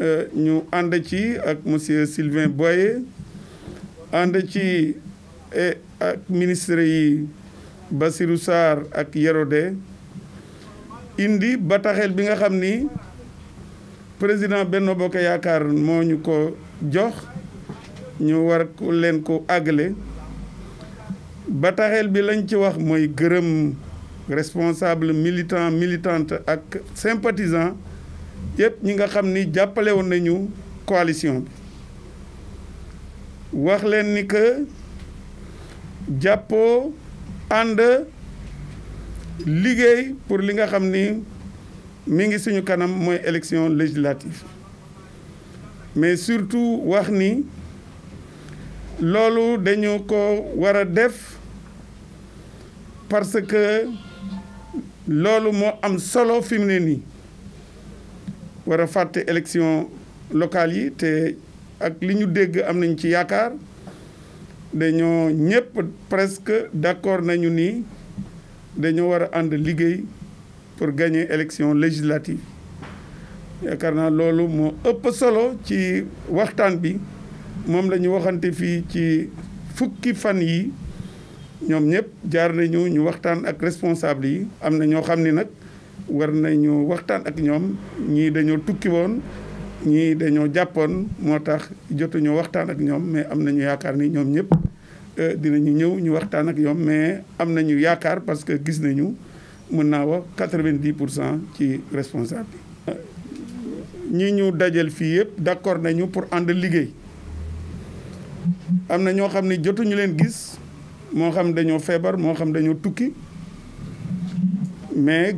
Euh, nous, avons Sylvain Boyer ànd et le ministre yi Bassirou indi Batahel bi nga président Benno Bokk Yaakaar ko jox ñu war len ko aglé bi lañ ci wax responsable militant militante ak sympathisant yépp ñi nga xam ni jàppale woon nañu coalition bi wax leen ni que jàppoo ànd liggéey pour li nga xam ni mi ngi suñu kanam mooy élection législative mais surtout wax ni loolu dañu ko war def parce que loolu moo am solo fi mu wara faté fàtte élection locale yi te ak liñu dégg am nañ ci yaakaar dañoo ñëpp presque d'accord nañu ni dañoo wara and ànd liggéey pour gagner élection législative yaakaar naa loolu mo ëpp solo ci waxtaan bi mom lañu ñu waxante fii ci fukki fan yi ñom ñëpp jaar nañu ñu waxtaan ak responsable yi am na ñoo xam war nañu waxtaan ak ñoom ñii dañoo tukki woon ñii dañoo jàppoon moo tax jotuñu waxtaan ak ñoom mais am nañu yaakaar ni ñoom ñëpp euh, dinañu ñëw ñu waxtaan ak ñoom mais am nañu yaakaar parce que gis nañu mën naa wax quatre vingt pour cent ci responsable bi. ñi ñu dajal fii yëpp d'accord nañu pour ànd liggéey am na ñoo xam ne jotuñu leen gis moo xam dañoo feebar moo xam dañoo tukki mais.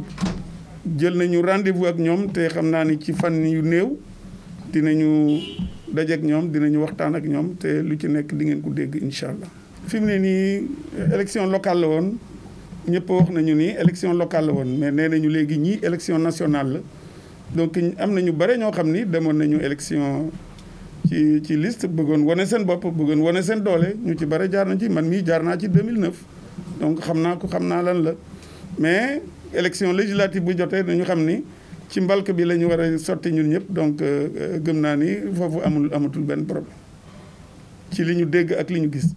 jël nañu rendez-vous ak ñoom te xam naa ni ci fan yu néew dinañu ak ñoom dinañu waxtaan ak ñoom te lu ci nekk di ngeen ko dégg incha allah. fi mu ne nii élection locale la woon ñëpp wax nañu ni élection locale la woon mais nee nañu léegi ñii élection nationale donc am nañu bare ñoo xam ni demoon nañu élection ci ci liste bëggoon wane seen bopp bëggoon wane seen doole ñu ci bare jaar nañ ci man mii jaar naa ci 2009 donc xam naa ko xam naa lan la mais. élection législative bu jotee dañu xam ni ci mbalk bi la ñu war a sotti ñun ñëpp donc euh, euh, gëm naa ni foofu amul amatul benn problème ci li ñu dégg ak li ñu gis.